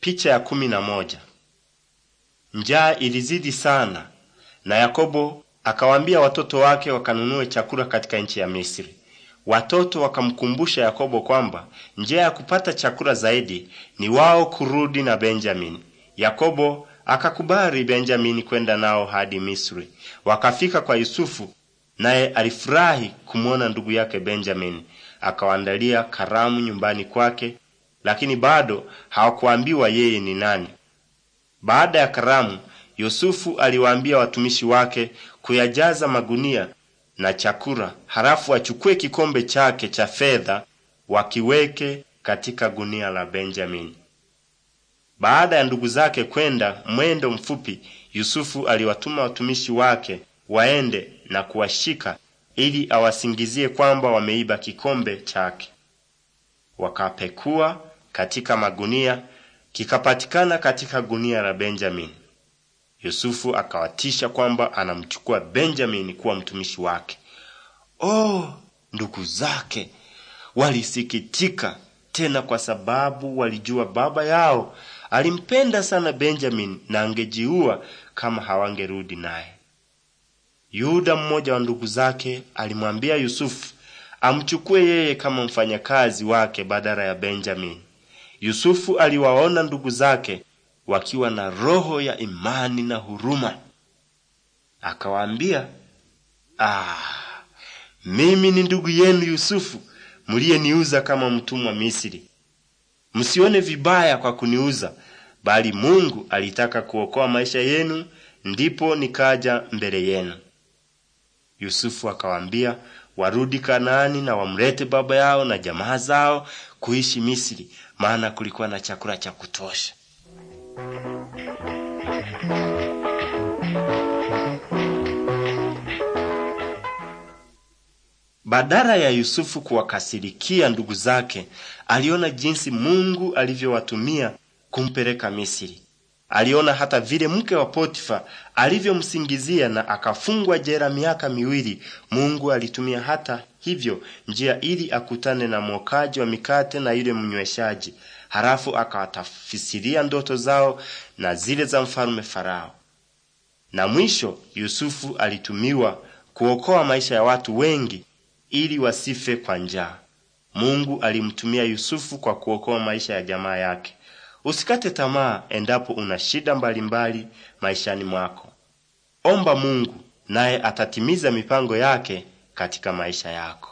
Picha ya kumi na moja. Njaa ilizidi sana na Yakobo akawaambia watoto wake wakanunue chakula katika nchi ya Misri. Watoto wakamkumbusha Yakobo kwamba njia ya kupata chakula zaidi ni wao kurudi na Benjamini. Yakobo akakubali Benjamini kwenda nao hadi Misri. Wakafika kwa Yusufu, naye alifurahi kumwona ndugu yake Benjamini. Akawaandalia karamu nyumbani kwake lakini bado hawakuambiwa yeye ni nani. Baada ya karamu, Yusufu aliwaambia watumishi wake kuyajaza magunia na chakula, halafu achukue kikombe chake cha fedha wakiweke katika gunia la Benjamini. Baada ya ndugu zake kwenda mwendo mfupi, Yusufu aliwatuma watumishi wake waende na kuwashika ili awasingizie kwamba wameiba kikombe chake. Wakapekua katika magunia, kikapatikana katika gunia la benjamin Yusufu akawatisha kwamba anamchukua benjamin kuwa mtumishi wake. Oh, ndugu zake walisikitika tena, kwa sababu walijua baba yao alimpenda sana benjamin na angejiua kama hawangerudi naye. Yuda, mmoja wa ndugu zake, alimwambia Yusufu amchukue yeye kama mfanyakazi wake badala ya benjamin Yusufu aliwaona ndugu zake wakiwa na roho ya imani na huruma, akawaambia, ah, mimi ni ndugu yenu Yusufu mliyeniuza kama mtumwa Misri. Msione vibaya kwa kuniuza, bali Mungu alitaka kuokoa maisha yenu, ndipo nikaja mbele yenu. Yusufu akawaambia, warudi Kanaani na wamlete baba yao na jamaa zao kuishi Misri, maana kulikuwa na chakula cha kutosha. Badala ya Yusufu kuwakasirikia ndugu zake, aliona jinsi Mungu alivyowatumia kumpeleka Misri aliona hata vile mke wa Potifa alivyomsingizia na akafungwa jela miaka miwili. Mungu alitumia hata hivyo njia ili akutane na mwokaji wa mikate na yule mnyweshaji. Halafu akawatafisiria ndoto zao na zile za mfalme Farao. Na mwisho Yusufu alitumiwa kuokoa maisha ya watu wengi ili wasife kwa njaa. Mungu alimtumia Yusufu kwa kuokoa maisha ya jamaa yake. Usikate tamaa endapo una shida mbalimbali maishani mwako. Omba Mungu naye atatimiza mipango yake katika maisha yako.